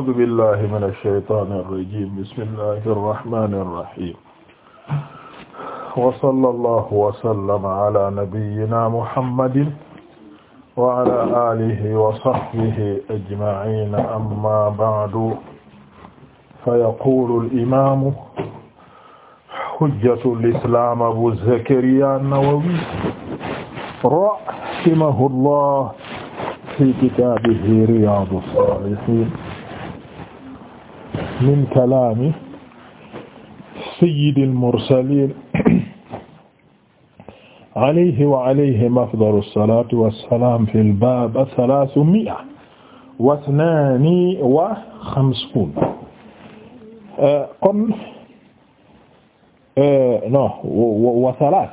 a'uuzu billahi mina shaytaani rajiim bismillahi rahmaani rahiim wa sallallahu wa sallama ala nabiyyina muhammadin wa ala aalihi wa sahbihi ajma'iin amma ba'du fayaquulu al-imaamu hujjatul islaam abu zakariyaa an-nawawi rahimahullah fi kitaabihi riyaadu saalihiin min kalaami sayyidil mursaliin alayhi wa alayhim afdalu salaatu wa salaam fil baab salaasu mi'a wa isnaani wa xamsuun kon eh, non wa salaas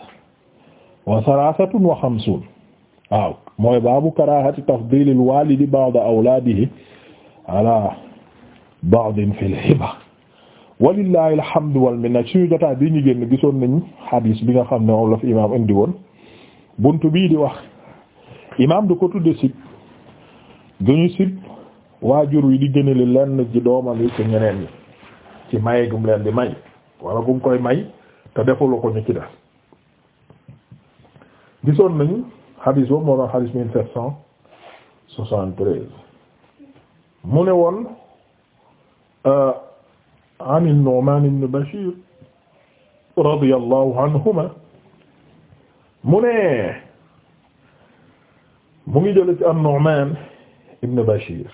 wa salaasatun wa xamsuun waaw mooy baabu karaahati tafdiilil waalidi ba'da awlaadihi ala baadin fil hiba bi ñu génn gisoon nañu bi nga xam ne moom la fi imaam indi woon buntu bii di wax imaam du ko tudde sib duñu sib waajur wi di gënale lenn ci doomam yi ci ñeneen ñi ci maye gum leen di may wala gum koy may te defulu ko ñu ci gisoon nañu hadis boobu moo doon hadis mu ne woon an an-Nu'man ibn Bashir radiyallahu anhuma mu ne mu ngi jële ci an-Nu'man ibn Bashir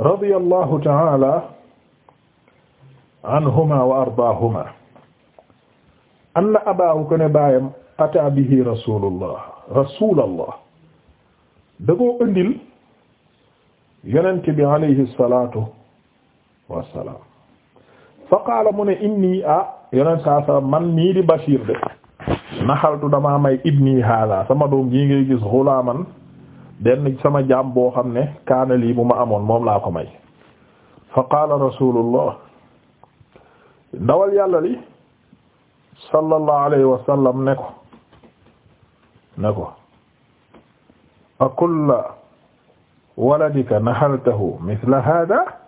radiyallahu ta'ala anhuma wa ardaahuma anna abaahu ko ne baayam ataa bihi rasulullah rasulullah da koo indil yonent bi alayhi salatu wasalaam fa qaala mu ne inni ah yoneen saa salaam man nii di Bashir de naxaltu damaa may ibni hada sama doom ji ngay gis sama jaam boo xam ne kaana lii bu ma amoon moom laa ko may fa qaala rasulullah ndawal yàlla li sallallahu alayhi wa sallam ne ko ne ko akulla waladika naxaltahu mithla hada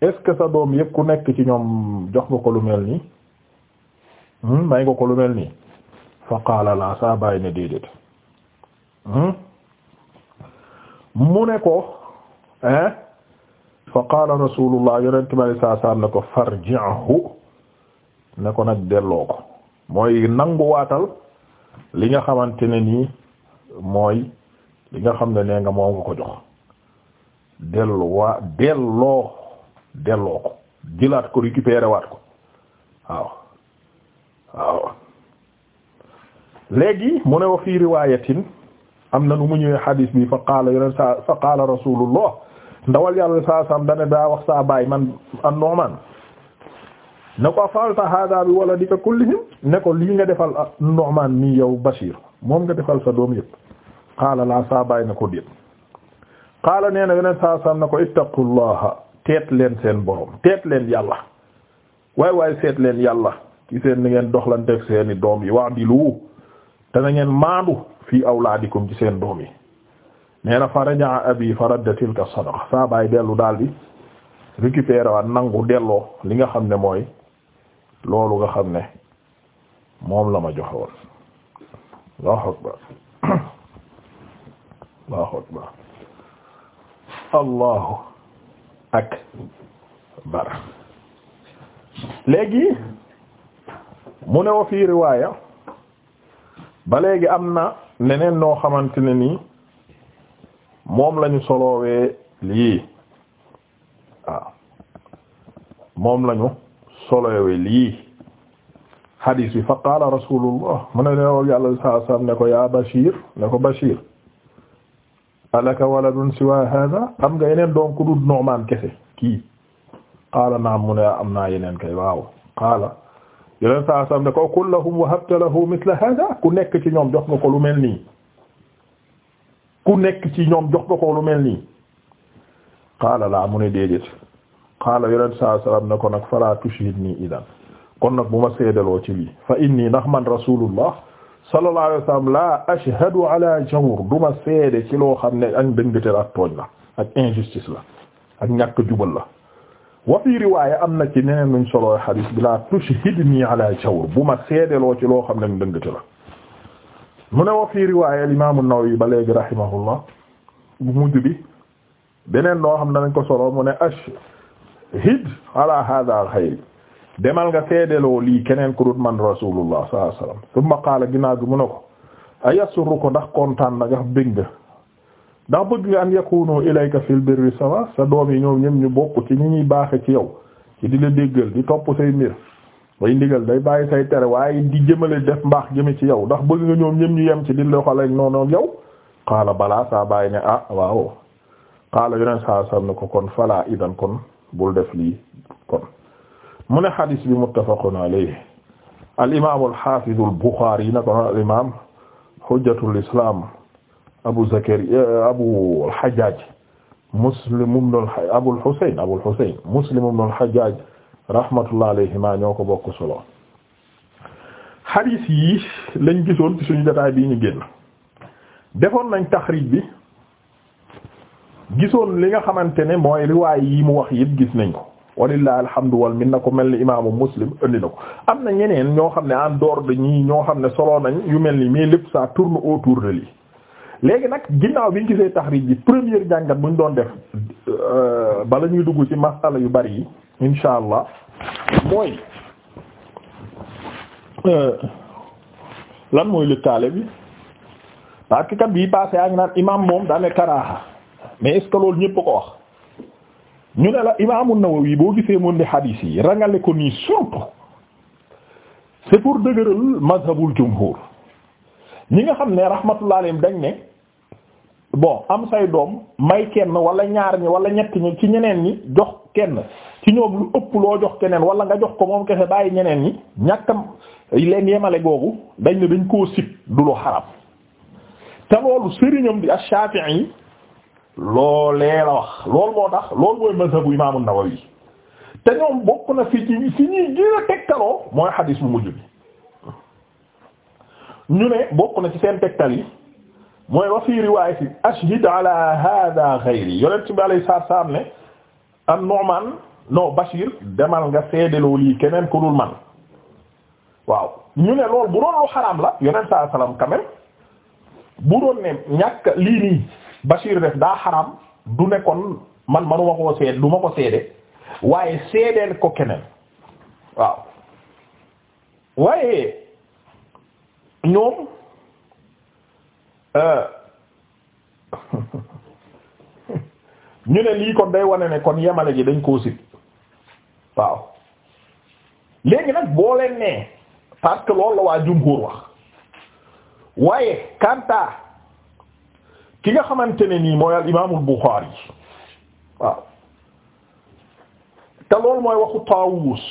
est-ce sa doom yëpp ku nekk ci ñoom jox nga ko lu mel nii hmm? may nga ko lu mel nii fa qaala laa saa bàyyi ne déedéet hmm? mu ne ko hein fa qaala rasulullah yonent bi saa saa ne ko farji'hu ne ko nag delloo ko mooy nanguwaatal li nga xamante ne nii mooy li nga xam ne nee nga moom nga ko jox delloo waa delloo delloo ko jëlaat ko récupérer waat ko waaw waaw léegi mu ne wa fii riwaayatin am na lu mu ñëwee xadiis bi fa qaala yoneen sa fa rasulullah ndawal yàlla saa daa wax saa baay man an-Nu'man ne ko faalta hada bi waladika kullihim ne ko lii nga defal Nu'man nii yow Bashir moom nga defal sa doom yëpp qaala laa saa baay na ko déet qaala nee na yoneen saa sam ne ko ittaqullaha teet leen seen borom teet leen yàlla waay waay seet leen yàlla ci seen ni ngeen doxlanteeg seeni doom yi wax di lu te na ngeen maandu fii awlaadikum ci seen doom yi nee na faraja abi faradda tilka sadaqa saa baay dellu daal di récupérer waat nangu delloo li nga xam ne mooy loolu nga xam ne moom la ma joxe woon Allahu akbar Allahu akbar Allahu ak bar léegi mu ne wa fii riwaaya ba léegi am na leneen noo xamante ne nii moom lañu soloowee lii waaw moom lañu soloowee lii hadis bi fa qaala rasulullah mu ne newol yàlla sallallahu ne ko yaa Bashir ne ko Bashir alaka waladun siwa hada am nga yeneen doom ku dul Nu'man kese kii qaala naam mu ne am naa yeneen kay waaw qaala yeneen saa sam ne ko kul wahabta lahu mithla hada ku nekk ci ñoom jox nga ko lu mel nii ku nekk ci ñoom jox nga ko lu mel nii qaala laa mu ne déedéet qaala yeneen saa ne ko nag fala tushhidni idan kon nag bu ma seedaloo ci lii fa inni ndax man rasulullah sallallahu alayhi wa sallam la ashhadu ala jawr duma seede ci loo xam ne ak ndëngteel ak tooñ la ak injustice la ak ñàkk jubal la wa fi riwaaya am na ci neneen nuñ soloo hadis bi la tushhidni ala jawr bu ma seedeloo ci loo xam ne ndëngteel la mu ne wa fi riwaaya al imam an-Nawawi ba léegi rahimahullah bu mujj bi beneen noo xam ne dañ ko soloo mu ne ashhid ala hadha xayri demal nga seedeloo lii keneen ku dut man rasulullah sallallahu alayhi wasallam summa qaala ginnaaw gi ko ne ko ayasurru ko ndax kontaan na nga bëgg nga ndax bëgg nga an yakunu ilayka fil birri sawa sa doom yi ñoom ñoom ñu bokk ci ñu ñuy baaxe ci yow ci di la déggal di topp say mbir bay ndigal day bàyyi say tere waaye di jëmale def mbaax jëme ci yow ndax bëgg nga ñoom ñoom ñu yem ci di loxaleeg noonu yow qaala balaa saa bàyyi ne ah waaw qaala yoneen saa sallam ne ko kon fala idan kon bul def lii mu ne xadis bi muttafaqun alayhi al imaam al haafiz al buxaari yi naka al imaam abu zakariya abu al hajjaaj muslim ibnul abul husayn abul husayn rahmatullah alayhima ñoo ko bokk solo xadis yi lañ gisoon ci suñu jotaay bii ñu génn defoon nañ taxrij bi gisoon li nga xamante ne mooy riwaay yi mu wax yëpp gis nañ ko. walillahi alhamdu mi na ko mel ni imaamu muslim indi na ko am na ñeneen ñoo xam ne en dehors de ñii ñoo xam ne solo nañ yu mel ni mais lépp sa tourne autour de lii léegi nag ginnaaw bi ñu gisee taxriij bi première jàngat bu ñu doon def euh, bala ñuy dugg ci masala yu bari yi insha allah mooy euh, lan mooy lëkkaale bi parce que kat bii passé ak naan imaam moom daa ne mais est-ce loolu ñépp ko wax ñu ne la imaamu Nawawi boo gisee moom di hadith yi rangale ko nii surtout c'est pour dëgëral mazhabul jumhur ñi nga xam ne rahmatullah alayhim dañ ne bon am say doom may kenn wala ñaar ñi wala ñett ñi ci ñeneen ñi jox kenn ci ñoom lu ëpp loo jox keneen wala nga jox ko moom kese bàyyi ñeneen ñi ñàkkam leen yemale googu dañ ne dañ koo sib du lu xaram te loolu sëriñam di ash yi loolee la wax loolu moo tax loolu mooy mazhabu imaam nawawi te ñoom bokk na fi ci fi ñuy gën a tegtaloo mooy xadiis bu mujj bi ñu ne bokk na ci seen tegtal yi mooy wa fi riwaayati ashhid ala hada ghayri yonent bi alayhi salaatu salaam ne an Nu'man Bashir demal nga seedeloo lii keneen ku dul man waaw ñu ne loolu bu doon lu xaraam la yonent salaam quand bu doon ne ñàkk lii nii Bachir def daa xaram du ne man manuma koo seede du ma ko seede waaye seedeel ko keneen waaw waaye ñoom euh, ñu ne lii kon day wane ne kon yemale ji dañ koo sit waaw léegi nag boo leen nee parce que la waa jumhur wax waaye kanta ki nga xamante ne nii mooy al imaamul Buxaari waaw te mooy waxu Taawus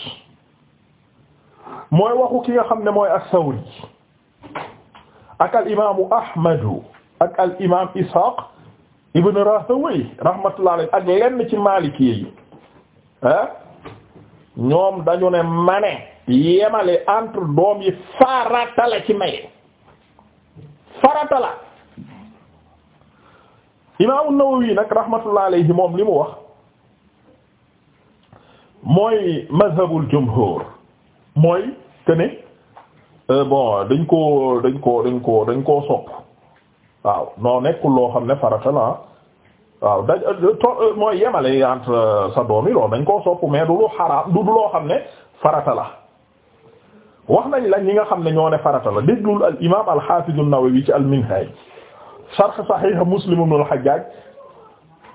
mooy waxu ki nga xam ne mooy as ak al imaamu Ahmadu ak al imaam Isaaq ibn Rahawayh rahmatullahi alayhi ak lenn ci Maaliki yi ah ñoom dañu ne mane yemale entre doom yi farata la ci maye farata imaamu Nawawi nag rahmatullah alayhi moom li mu wax mooy mazhabul jumhur mooy que euh, bon dañ koo dañ koo dañ koo dañ koo sopp waaw noo nekkul loo xam ne farata la waaw daj euh, euh, mooy yemale entre sa doom yi loolu dañ koo sopp mais du lu xaraam du du loo xam ne farata la wax nañ la ñi nga xam ne ñoo ne farata la déglul al imaam al-Hafiz an ci al-Minhaj sharh sahih Muslim ibn al-Hajjaj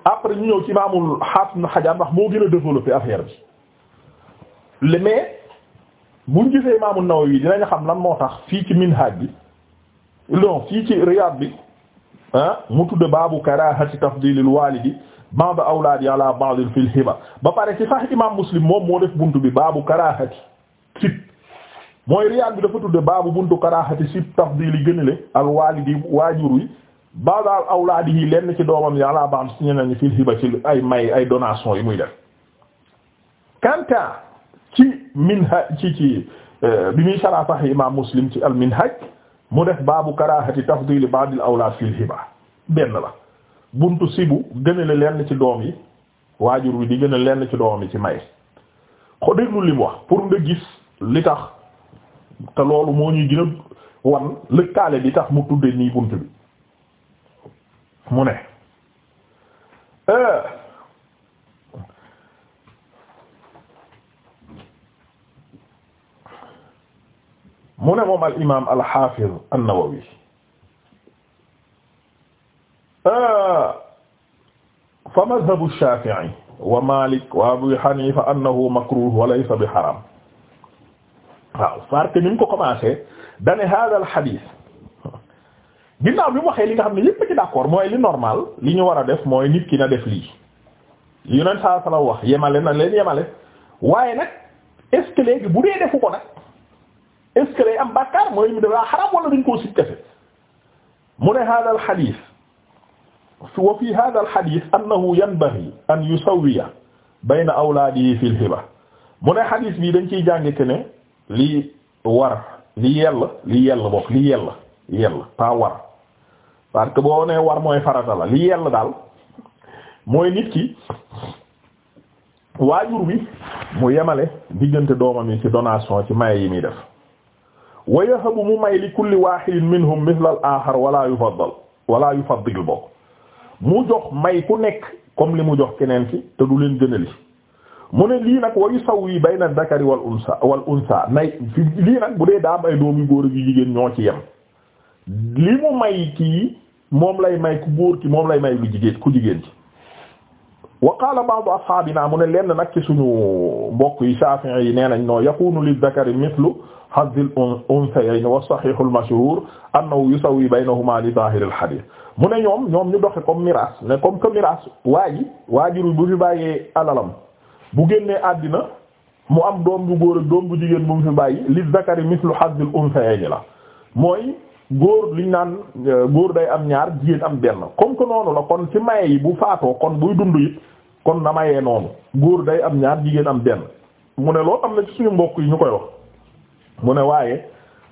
après ñu ñëw ci imaamul Hafiz ibn Hajar ndax moo gën a développé affaire bi le mais buñ gisee imaamu Nawawi dinañ xam lan moo tax fii ci Minhaj bi non fii ci Riyad bi ah, mu tudd baabu karahati tafdilil walidi ba'da awlaadi ala ba'd fil hiba ba pare ci sax imaam Muslim moom moo def buntu bi baabu karahati sib mooy Riyad bi dafa tudd baabu buntu karahati sib tafdili gënale al walidi waajur wi baadaal awlaadi yi lenn ci doomam yi ala ba'd ci ñeneen ñi fil hiba ci ay may ay donation yi muy def kanta ci minhaj ci ci euh, bi muy sara sahih imam muslim ci al minhaj mu def baabu karahati tafdil ba'd al awlaad fil hiba benn la buntu sibu gënale lenn ci doom yi waajur wi di gën a lenn ci doomam yi ci may xo déglu li wax pour nga gis li tax te loolu moo ñuy gën a wan lëkkaale bi tax mu tudde nii bunt bi mu ne euh. mu ne moom al imaam al xaafiz an-Nawawi euh. fa madhabu Shaafi'i wa Maalik wa Abu Haniifa annahu makruuh wa laysa bi xaraam waaw parce que ni mu ko commencé dane haadal xadiis ginnaaw bi mu waxee li nga xam ne yépp ci d'accord mooy li normal li ñu war a def mooy nit ki na def lii yonent saa la wax yemale na leen yemale waaye nag est-ce bu dee defu ko nag est am bàkkaar mooy mu dafaa xaram wala dañ koo sib kese mu ne hada al hadith wa fi hada al hadith annahu yanbaghi an yusawwiya bayna awlaadihi fi al mu ne hadith bi dañ ciy jànge ke li war li yell li yell bokk li yell yell pas war parce que boo nee war mooy farata la li yell daal mooy nit ki waajur bi mu yemale diggante doomam yi ci donation ci maye yi muy def wa yahabu mu may li kulli wahidin minhum mithla al akhar wala yufaddal wala yufaddil bokk mu jox may ku nekk comme li mu jox keneen ci te du leen gënali mu ne lii nag wa yusawi bayna dakari wal unsa wal unsa nay lii nag bu dee daa am ay doom yu góor ak jigéen ñoo ci yem li mu may kii moom lay may ku góor ki moom lay may lu jigéen ku jigéen ci wa qaala ba'du ashaabina mu ne lenn nag ci suñu mbokk yi Shafi'i yi nee nañ noo yakunu lil-dhakari mithlu hazzil unthayayn wa sahihu al-mashhur annahu yusawi baynahuma li zahir al-hadith mu ne ñoom ñoom ñu doxe comme miraas ne comme que miraas waa ji waajuru bu fi bàyyee alalam bu génnee àddina mu am doom bu góor ak doom bu jigéen bu mu fi bàyyi li-dhakari mithlu hazzil unthayayn la mooy góor liñ naan euh, góor day am ñaar jigéen am benn comme que noonu la kon ci maye yi bu faatoo kon buy dund it kon na mayee noonu góor day am ñaar jigéen am benn mu ne loolu am na ci suñu mbokk yi ñu koy wax mu ne waaye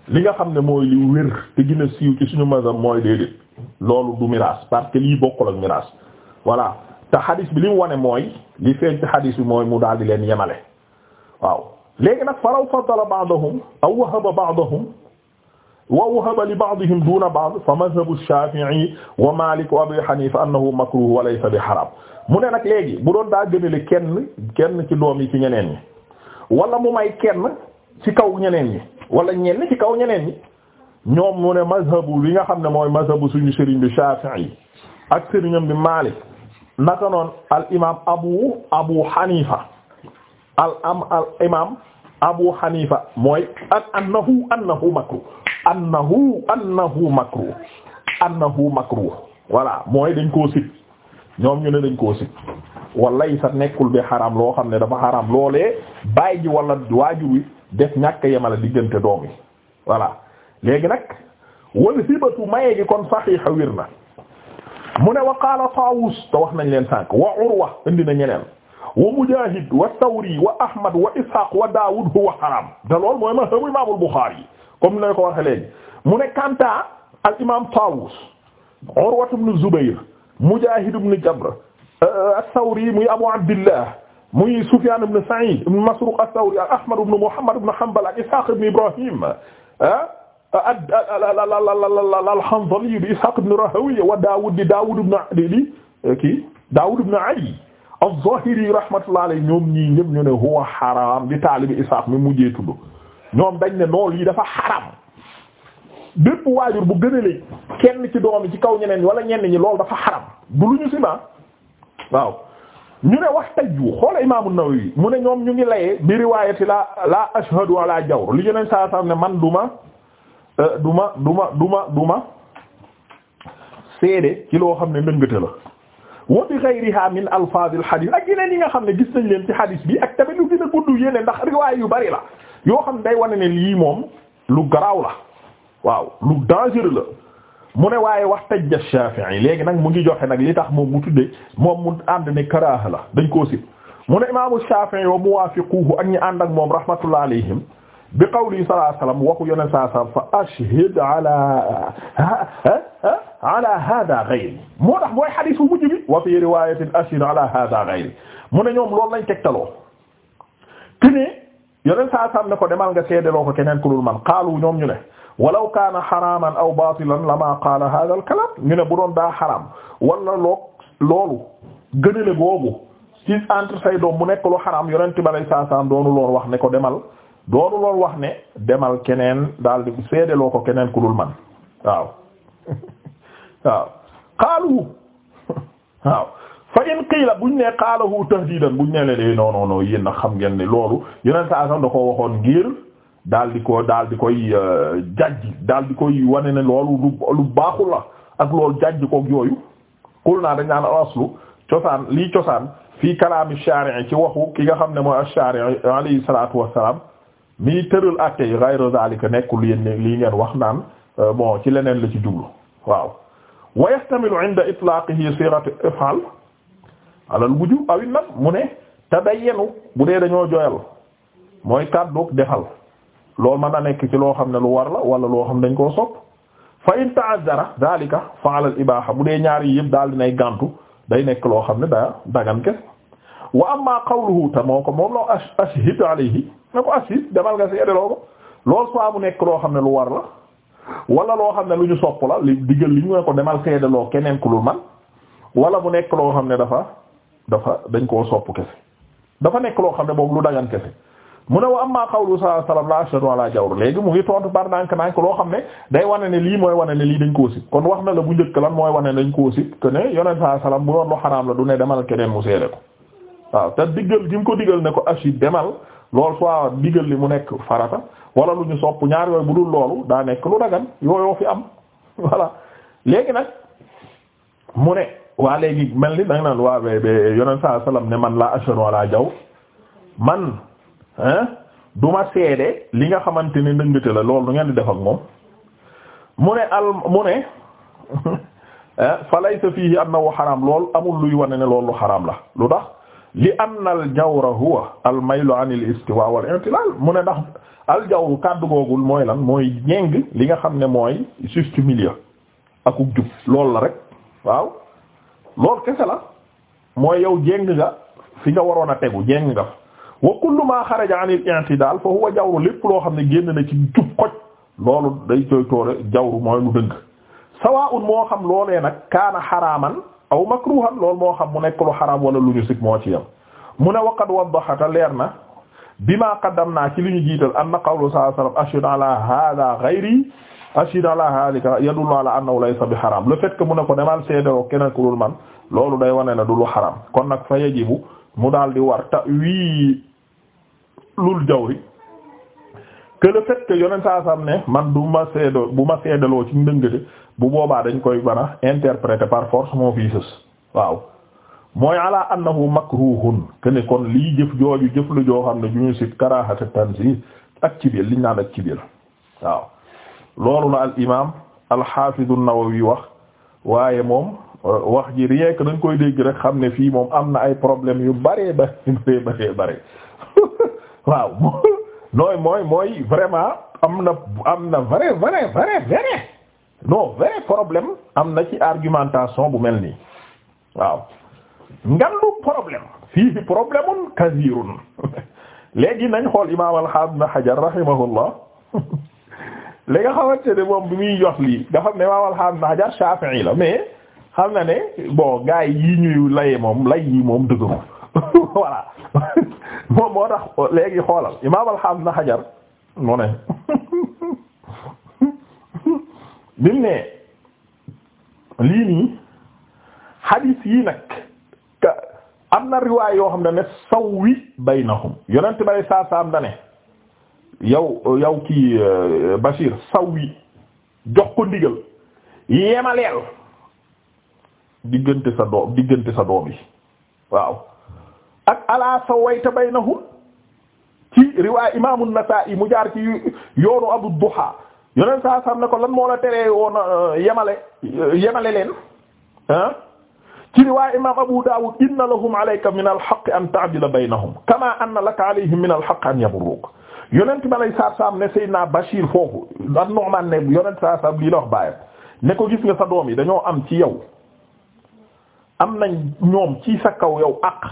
li nga xam ne mooy li wér te gën a siiw ci suñu mazam mooy déedéet loolu du miraas parce que lii bokkul ak miraas voilà te xadis bi li mu wane mooy li feeñ ci xadis bi mooy mu daal di leen yemale waaw léegi nag faraw faddala ba'dahum aw wahaba ba'dahum wa wahaba li ba'dihim duna ba'd fa madhabu Shafi'i wa Malik wa Abi Hanifa annahu makruh wa laysa bi haram mu ne nag léegi bu doon daa gënale kenn kenn ci doom yi ci ñeneen ñi wala mu may kenn ci kaw ñeneen ñi wala ñenn ci kaw ñeneen ñi ñoom mu ne mazhabu li nga xam ne mooy mazhabu suñu sëriñ bi Shafi'i ak sëriñam bi Malik naka noon al imaam abu abu Hanifa al am al imaam abu Hanifa mooy ak annahu annahu makruh annahu annahu makruh annahu makruh voilà mooy dañ koo sib ñoom ñu ne dañ koo sib walay sa nekkul bi xaram loo xam ne dafa xaram loolee bàyyi ji wala waajur wi def ñàkk yemale diggante doom yi voilà léegi nag wal hibatu maye gi kon saxiixa wir na mu ne wa qaala Taawus te wax nañ leen sànq wa Urwa indi na ñeneen wa Mujaahid wa Thawri wa Ahmad wa Ishaq wa Daawud huwa xaram te loolu mooy ma xamu Imaamul Buxaari comme na ko waxe léegi mu ne kanta al imam Tawus Urwa ibn Zubayr Mujahid ibn Jabr euh, as-Sawri muy Abu Abdillah muy Sufyan ibn Sa'id ibn Masruq as-Sawri ak Ahmad ibn Muhammad ibn Hanbal ak Ishaq ibn Ibrahim al-Hanzali ah, bi Ishaq ibn Rahawayh wa Dawud di Dawud ibn Adili eh, kii Dawud ibn Ali az-Zahiri rahmatullahi alayhi ñoom ñii ñëpp ñu ne huwa haram di taalibi Ishaq mi mujjee tudd ñoom dañ ne lool yi dafa xaram bépp waajur bu gënalee kenn ci doom yi ci kaw ñeneen wala ñenn ñi lool dafa xaram du lu ñu sima waaw ñu ne wax tajju xoola imaam an-Nawawi mu ne ñoom ñu ngi layee bi riwaayati la la ashhadu ala jawr li yeneen saa saa ne man duma euh, duma duma duma duma seede ci loo xam ne ndëngate la wa bi ghayriha min alfaaz al-hadith ak yeneen yi nga xam ne gis nañ leen ci hadith bi ak tamit lu gën a gudd yéene ndax riwaay yu bari la yoo xam day wane ne lii moom lu garaaw la waaw lu dangereux mu ne waaye wax tajja Shafi'i léegi nag mu ngi joxe nag li tax moom mu tuddee moom mu ànd ne karaaha la dañ koo mu ne imaamu Shafi'i wa muwaafiquhu ak ñi ànd ak moom rahmatullah alayhim bi qawli sallallahu alayhi wasallam waxu yonent sallallahu alayhi wasallam fa ashhid ala ala hada ghayri moo tax mooy xadis bu mujj bi wa fi riwayatin ashhid ala hada ghayri mu ne ñoom loolu lañ tegtaloo yoneen saa sam ne ko demal nga seedeloo ko keneen ku dul man qaalu ñoom ñu ne walaw kaana xaraaman aw baatilan lama qaala hadha kalam ñu ne bu doon daa xaraam wala loog loolu gënale googu ci entre say doom mu nekk lu xaraam yonent bi alay saa sam doonu loon wax ne ko demal doonu loon wax ne demal keneen daal di seedeloo ko keneen ku dul man waaw waaw qaalu waaw fa in bu buñ ne qaalahu tahdiidan buñ ne leen eh, non non non xam ngeen ne loolu yeneen saa sax da koo waxoon ngir daal di ko daal di koy euh, jajji daal di koy wane ne loolu lu lu baaxul la ak loolu jajji koog yooyu. xul naa dañ naan aslu cosaan lii cosaan fii kalaami shaari ci waxu ki nga xam ne mooy ash-shaari alayhi salaatu wassalaam mii tëral àtte yi ghayra zaalika nekkul yéen lii ngeen wax naan euh, bon ci leneen la ci jublu waaw wa yastamilu itlaqihi siratu if'al alal wuju awit nag mu ne te day yenu bu dee dañoo joyal mooy kàddu defal loolu mën na nekk ci loo xam ne lu war la wala loo xam ne dañ koo sopp fa in ta'azzara daalika fa alal ibaaha bu ñaar yi daal dinay gàntu day nekk loo xam ne daa dagan kese wa amma qawluhu moo ko moom loo as ashhid alayhi na ko ashhid demal mu nekk loo xam ne lu war la wala loo xam ne lu ñu sopp la li diggal li ñu ne ko demal seede loo keneen ku lu man wala bu nekk loo xam ne dafa dafa dañ koo sopp kese dafa nekk loo xam ne boobu lu dagan kese mu ne wa amma qawlu sallallahu alayhi wa sallam la ashhadu ala jawr léegi mu ngi tontu par nank nank loo xam ne day wane ne lii mooy wane ne lii dañ koo sib kon wax na la bu njëkk lan mooy wane ne dañ koo sib que ne yonent sallallahu alayhi wa sallam bu doon lu xaraam la du ne demal keneen mu seede ko waaw te diggal gi mu ko diggal ne ko ashi demal lool loolu soit diggal li mu nekk farata wala lu ñu sopp ñaari yooyu bu dul loolu daa nekk lu dagan fi am voilà nag mu ne waa léegi mel ni da nga naan waa ba yonent saa salaam ne man laa ashhadu ala jaw man ah du ma seede li nga xamante ne ndëngate la lool du ngeen di def ak moom mu ne al mu ne fa laysa fiihi annahu xaraam lool amul luy wane ne loolu xaraam la lu tax li am al jawra huwa al maylu an al istiwa wal intilal mu ne ndax al jawru kàddu googul mooy lan mooy ñeng li nga xam ne mooy juste milieu akuk jub loolu la rek waaw. loolu kese la mooy yow jéng nga fi nga waroon a tegu jéng nga wa kullu ma xaraja anil i'tidal fa huwa jawru lépp loo xam ne génn na ci jub xoj loolu day koy toore jawru mooy lu dëng sawaa'un moo xam loolee nag kaana xaraaman aw makruhan loolu moo xam mu nekk lu xaraam wala lu ñu sik moo ci yam mu ne waqad waddaxata leer na bima naa ci li ñu jiital anna qawlu sallallahu alayhi wasallam ashhadu ala hadha ashhadu ala halika yadullu ala annahu laysa bi haram la fait que mu ne ko demal seedaloo keneen ku dul man loolu day wane ne du lu haram kon nag fa yajibu mu daal di war ta wii lul jawri que le fait que yoneen saa sam ne man du ma seedoo bu ma seedaloo ci ndëngate bu boobaa dañ koy mën a interpréter par force moo fii sës waaw mooy ala annahu makruhun ne kon lii jëf jooju jëf la joo xam ne ju ñu sit karahata tanzih ak ci biir liñ naan ak ci biir waaw loolu la al imaam al xaafizu an-Nawawi wax waaye moom euh, wax ji rien que dañ koy dégg rek xam ne fii moom am na ay problème yu bëree bëree bëree bëri waaw mooy mooy vraiment am na am na vrai vrai vrai vrai non vrai problème am na ci argumentation bu mel nii waaw ngandu problème fii problème kasirun léegi nañ xool imaam al-Hafiz Ibn Hajar rahimahullah léegi nga xamante ne moom bi muy jox lii nga xam ne waawal xam naa jar Shafi'i la mais xam na ne bon gars yi ñuy laye moom lay yi moom dëgëru voilà moom moo tax léegi xoolal imaam alxaam na xajar mu ne bimu ne lii nii hadith yi nag am na riwaay yoo xam ne ne sawwi baynahum yonent bay saa saam da ne yow yow kii euh, Bachir saw yi jox ko ndigal yemaleel diggante sa doom diggante sa doom yi waaw ak ala sawayta baynahum ci riwaay imaamu Nasaa'i mu jaar ci yoonu Abu Duha yoneen saa sam ne ko lan moo la teree woon euh, yemale euh, yemale leen ah ci riwaay imaam Abu Dawud inna lahum alayka min al-haqqi an ta'dila baynahum kama anna laka alayhim min al-haqqi an yaburruka yonent ba lay saar saam ne Seydina Bachir foofu da Nu'man ne yonent saar saam lii la wax bàyyam ne ko gis nga sa doom yi dañoo am ci yow am nañ ñoom ci sa kaw yaw ak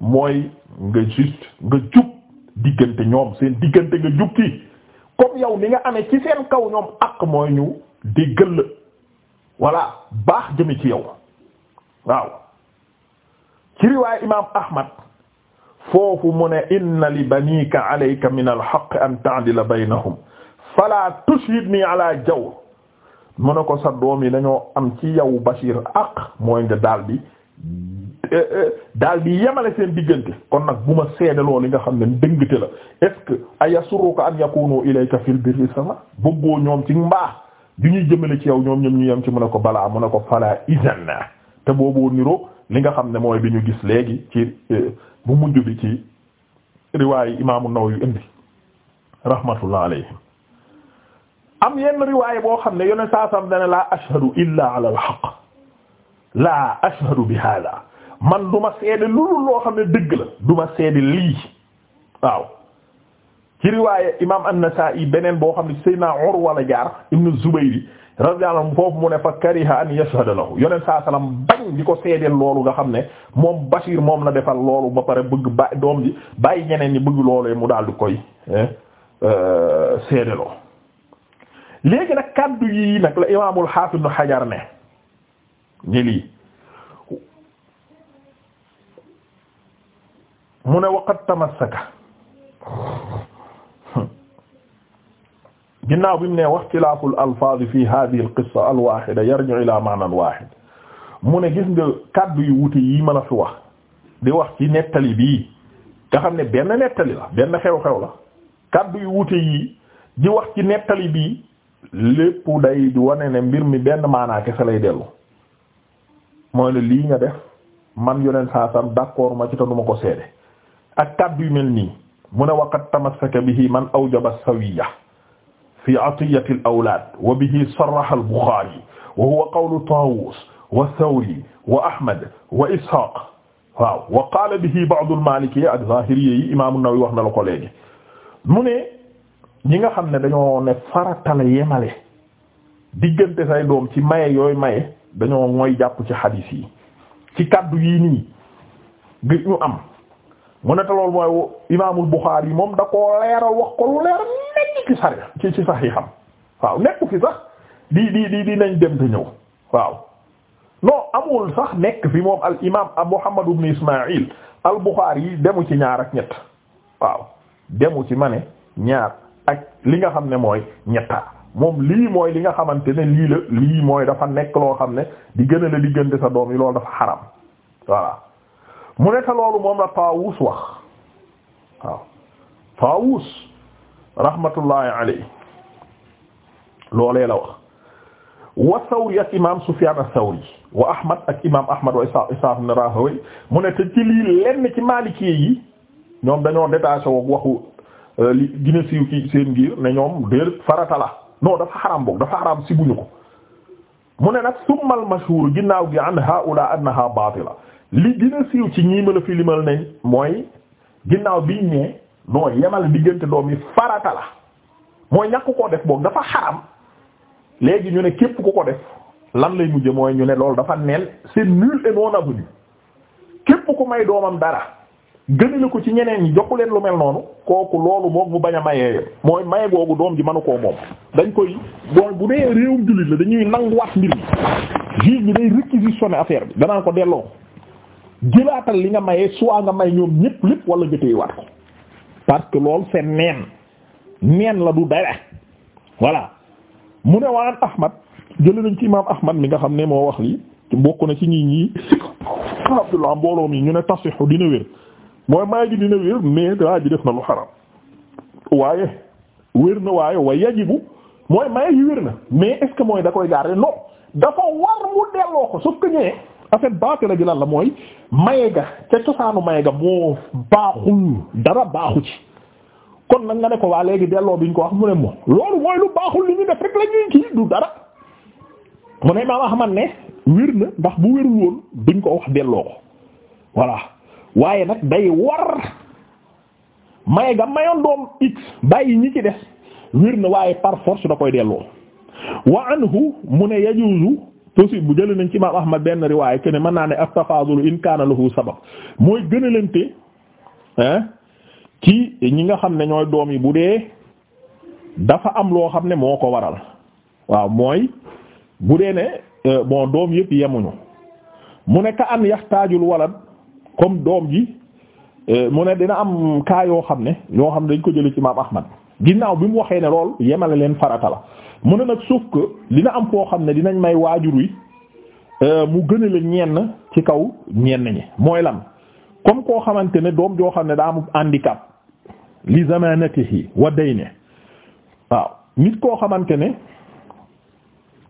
mooy nga juste nga jub ñoom seen diggante nga jub ci comme yow ni nga amee ci seen kaw ñoom ak mooy ñu déggal la voilà baax jëme ci yow waaw ci riwaaya imaam Ahmad foofu mu ne inna li banika alayka min alhaq an ta'dila baynahum fala tushhidni ala jawr mu ne ko sa doom yi dañoo am ci yow Bashir aq mooy nga daal di eh, eh, daal di yemale seen diggante kon nag bu ma seede loolu nga xam ne ndëngte la est-ce que ayasurruka an yakunu ilayka fil birri sama bëggoo ñoom ci mbaax du ñuy jëmale ci yow ñoom ñoom ñu yem ci mu ne ko balaa mu ne ko fala izan te booboo niroo li nga xam ne mooy bi ñu gis léegi ci eh, bu mujj bi ci riwaayu imaamu yu indi rahmatullah alayhi am yenn riwaay boo xam ne yoneen saa sam dane laa ashhadu illa ala alhaq laa ashhadu bi hada man du seede lu loo xam ne dëgg la duma ma seede lii waaw ci riwaaye imam an-Nasa'i beneen boo xam ne Seydina Urwa la jaar ibnu Zubayr radiyallahu anhu foofu mu ne fa kariha an yashhada yoneen saa salaam bañ di ko seedeel loolu nga xam ne moom Bashir moom la defal loolu ba pare bëgg ba doom bi bàyyi ñeneen ñi bëgg loolee mu daal di koy eh, euh, seedeloo léegi nag kaddu yi nag la imaamul Hafiz Ibn ne ni lii mu ne waqad tamassaka ginnaaw bi mu ne waxtilaaful alfaaz fi hadhihi alqissa alwaahida yarji'u ila ma'nan mu ne gis nga kaddu yu wuute yi mën a fi wax di wax ci nettali bii nga xam ne benn nettali la benn xew-xew la kaddu yu wuute yi di wax ci nettali bii lépp day di wane ne mbir mi benn maanaa kese lay dellu mooy ne lii nga def man yoneen saa sam ma ci te ma ko seede ak kaddu yu mel nii mu ne waqad tamassaka bihi man awjaba sawiya fi atiyati al awlaad wa bihi sarraha al Buxaari wa huwa qawlu Taawus wa Thawri wa Ahmad wa Ishaaq waaw wa qaala bihi ba'du al Maalikiyya ak Zaahiriyya yi Imaam Nawawi wax na la ko léegi mu ne ñi nga xam ne dañoo ne faratale yemale diggante say doom ci maye yooyu maye dañoo mooy jàpp ci xadiis yi ci kaddu yii nii gi ñu am mu ne te loolu mooy imaamul Buxaari yi moom da koo leeral wax ko lu leer nekk ci sari sax yi xam waaw nekku fi sax di di di di nañ dem te ñëw waaw no amul sax nekk fi moom al imaam Muhammad ibn Ismaïl al Buxaari yi demu ci ñaar ak ñett waaw demu ci ma ne ñaar ak li nga xam ne mooy ñetta moom lii mooy li nga xamante ne lii la lii mooy dafa nekk loo xam ne di gën a la diggante sa doom yi loolu dafa xaram voilà mu ne te loolu moom la Taawus wax waaw Taawus rahmatullahi loolee la wax wa Sawri ak imaam Sufyaan as-Sawri wa Ahmad ak imaam Ahmad wa Ishaaq Ishaaq ibn Raahawayh mu ne te ci lii lenn ci Maaliki yi ñoom dañoo détaché woog waxu euh, li gën a siiw ci seen ngir ne ñoom déer farata la non dafa xaram boog dafa xaram si buñu ko mu ne nag summal mashhuur ginnaaw gi an haa'ulaa annahaa baatila li dina siiw ci ñii ma la fi limal mooy ginnaaw biñ ne noo yemal diggante doom yi farata la mooy ñàkk koo def boog dafa xaram léegi ñu ne képp ku ko def lan lay mujje mooy ñu ne loolu dafa neel c'est nul et non avenu képp ku may doomam dara gënale ko ci ñeneen ñi joxu leen lu mel noonu kooku loolu moom mu bañ a mayee mooy maye googu doom ji mënu koo moom dañ koy bon bu dee réewum jullit la dañuy nanguwaat mbir mi juge bi day réquisitionner affaire bi danaan ko delloo jëlaatal li nga mayee soit nga may ñoom ñépp lépp wala nga téye waat ko parce que loolu c'est neen neen la du dara voilà mu ne waan Ahmad jëlee nañ ci imaam Ahmad mi nga xam ne moo wax lii bokk na ci ñi ñii Abdullah mbooloo mi ñu ne tasixu dina wér mooy may gi dina wér mais daa ji def na lu xaram waaye wér na waaye wa yajibu mooy may yi wér na mais est-ce que mooy da koy garder non dafa war mu delloo ko sauf que ñëwee. en fait baatila gi lan la mooy maye ga ca cosaanu maye ga moo baaxul dara baaxu ci kon nag nga ne ko waa léegi delloo bi ñu ko wax mu ne moom loolu mooy lu baaxul li ñu def rek la kii du dara mu ne Imaam Ahmad ne wér na ndax bu wérul woon duñ ko wax delloo ko voilà waaye nag day war maye ga mayoon doom x bàyyi ñi ci des wér na waaye par force da koy delloo wa anhu mu ne yajuzu aussi bu jëlee nañ ci imaam Ahmad benn riwaay que ne mën naa ne ak tafaadul in kaana lahu sabab mooy gënalante ah ci ñi nga xam ne ñooy doom yi bu dee dafa am loo xam ne moo ko waral waaw mooy bu dee ne euh, bon doom yëpp yemuñu mu ne ka an yaxtaajul walla comme doom ji euh, mu ne dina am kaa yoo xam ne yoo xam ne dañ ko jëlee ci imaam Ahmad ginnaaw bi mu waxee ne lool yemale leen farata la mu ne nag sauf li na am koo xam ne dinañ may waajur wi euh, mu gën a la ci kaw ñenn ñi mooy lan comme koo xamante ne doom joo xam ne daa am handicap li zamanatihi wa day ne waaw nit koo xamante ne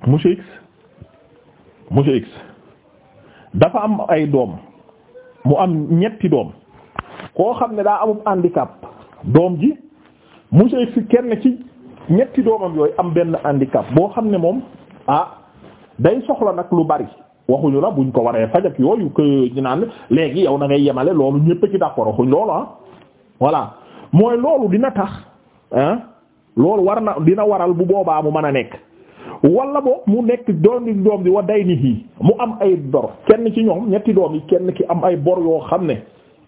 monsieur X dafa am ay doom mu am ñetti doom koo xam ne daa amub handicap doom ji monsieur X kenn ci ñetti doomam yooyu am benn handicap boo xam ne moom ah day soxla nag lu bari waxuñu la buñ ko waree faj ak yooyu que ñu naan léegi yow na ngay yemale loolu ñëpp ki d'accord waxuñ loolu ah voilà mooy loolu dina tax ah loolu war na dina waral bu boobaa mu mën a nekk wala boog mu nekk doom di doom di wa day ni hii mu am ay bor kenn ci ñoom ñetti doom yi kenn ki am ay bor yoo xam ne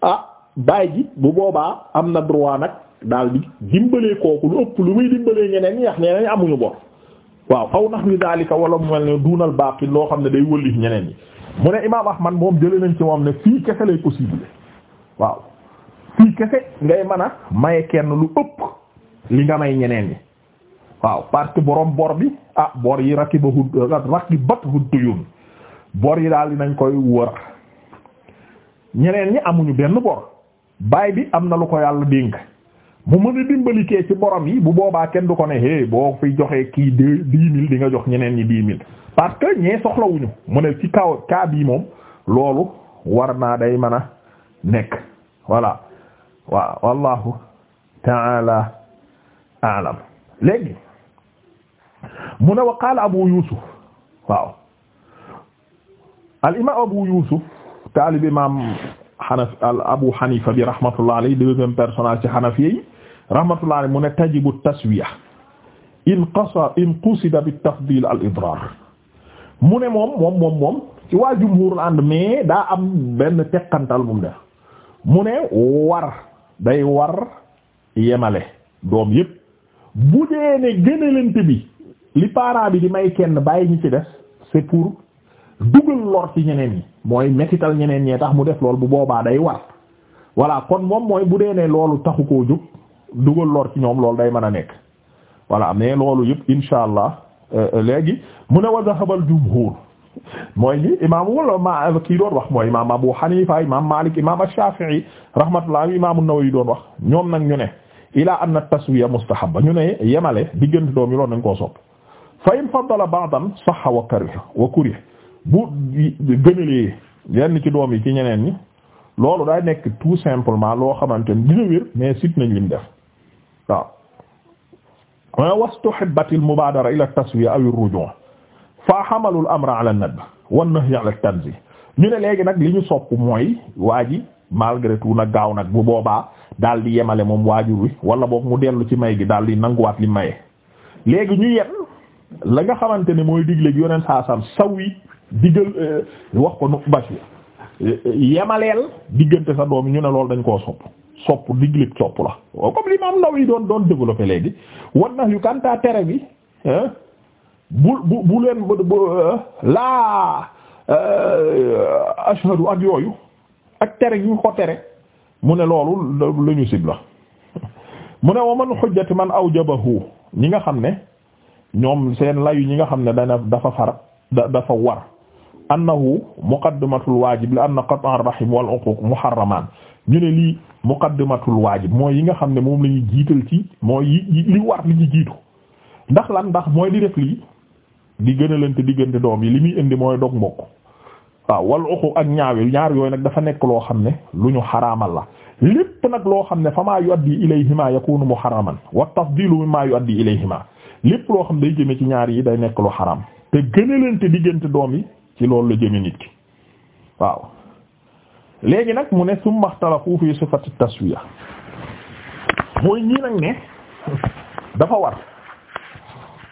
ah baay ji bu boobaa am na droit nag daal di dimbalee kooku lu ëpp lu muy dimbalee ñeneen ñi yax ñeneen ñi amuñu bor waaw aw nax wi daalika wala mu mel ne duunal baaqi loo xam ne day wëlif ñeneen ñi mu ne imaam man moom jëlee nañ ci moom ne fii kese lay possible waaw fii kese ngay mën a maye kenn lu ëpp li nga may ñeneen ñi waaw parce que borom bor bi ah bor yi rakibahu rakibathu duyun bor yi daal nañ koy wër ñeneen ñi amuñu benn bor baay bi am na lu ko yàlla dénk mu mën a dimbali ci borom yi bu boobaa kenn du ko ne hey boo fi joxee kii deux dix mille nga jox ñeneen ñi dix mille parce que ñee soxlawuñu mu ne ci kaw kaa bii moom loolu war naa day mën nekk voilà waaw wallahu taala alam léegi mu ne wa qaala abu yusuf waaw al imam abu yusuf taalib imam xanaf al abu xanifa bi rahmatullah alayhi deuxième personnage ci xanafi yi rahmatullah mu ne tajibu taswiya in qasa in qusida bi tafdil al idrar mu ne moom moom moom moom ci waa jumhur la ànd mais daa am benn teqantal bu mu def mu ne war day war yemale doom yépp bu dee ne gënalante bi li parent bi di may kenn bàyyi ñu ci des c'est pour dugal lor ci ñeneen ñi mooy mettital ñeneen ñee tax mu def lool bu boobaa day war voilà kon moom mooy bu dee ne loolu taxu koo jóg dugal lor ci ñoom loolu day mën a nekk voilà mais loolu yëpp insha allah euh, léegi mu ne wa zahabal jumhur mooy li imaam wala ma kii doon wax mooy imaam Abu Hanifa imaam Malik imaam Shafi'i rahmatullah imaam An-Nawawi doon wax ñoom nag ñu ne ila anna taswiya mustahabba ñu ne yemale diggante doom yi loolu nañ koo sopp fa in faddala ba'dan sahha wa kariha wa kuriha bu gënalee yenn ci doom yi ci ñeneen ñi loolu day nekk tout simplement loo xamante ni dina wér mais sit nañ lim def waaw wastuhibbatil mubaadara ila taswiya aw ar-rujuu fa hamalul amra ala an-nadb wan nahyi ala at-tanzih ñu ne léegi nag li ñu sopp mooy waa ji malgré tout nag gaaw nag bu boobaa daal di yemale moom waajur wi wala boog mu dellu ci may gi daal di nanguwaat li maye léegi ñu yem la nga xamante ne mooy digle gi yoneen saasam saw yi digal euh, wax ko nu basi yi euh, yemaleel diggante sa doom yi ñu ne loolu dañ koo sopp sopp diglib sopp la comme li Imaam Nawawi doon doon développé léegi wan na yu kantaa tere gi bu bu bu leen euh, laa euh, ashhadu ak yooyu ak tere yu ko tere mu ne loolu la ñu sib la mu ne wa man xujjati man aw awjabahu ñi nga xam ne ñoom seen layu ñi nga xam ne dana dafa far dafa war annahu muqaddimatul waajib li anna qat'a ar-rahim wal uquq ñu ne lii muqaddimatul waajib mooy yi nga xam ne moom la ñuy jiital ci mooy yi li war li ci jiitu ndax lan ndax mooy di def lii di gënalante diggante doom yi li muy indi mooy dog mbokk waaw wal uxu ak ñaawil ñaar yooy nag dafa nekk loo xam ne lu ñu xaramal la lépp nag loo xam ne fa maa yuaddi ilayhima yakunu muharraman wa tafdilu mimma yuaddi ilayhima lépp loo xam day jëme ci ñaar yi day nekk lu xaram te gënalante diggante doom yi ci loolu la jëme nit léegi nag mu ne summa ikhtalafu fi sifati taswiya mooy ñii nag ne dafa war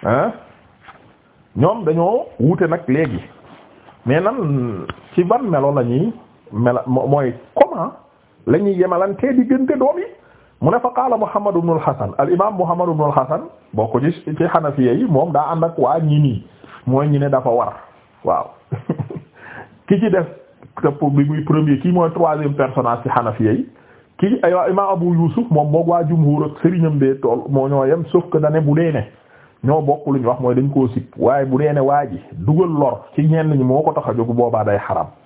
ah ñoom dañoo wute nag léegi mais nan ci ban melo la melo mela mooy comment la ñuy yemalantee diggante doom yi mu ne fa qaala Muhammad ibn al-Hasan al imaam Muhammad ibn al-Hasan boo ko ci ci Hanafiya yi moom daa ànd ak waa ñi nii mooy ñi ne dafa war waaw ki ci def. tëpp bi buy premier kii mooy troisième personnage ci Hanafiya yi kii aywa imaam Abu Yusuf moom moog waa jumhuur ak sëriñam bee tool moo ñoo yem sauf que dane bu dee ne ñoo bokk lu ñu wax mooy dañ koo sip waaye bu dee ne waa ji dugal lor ci ñenn ñi moo ko tax a jóg boobaa day xaram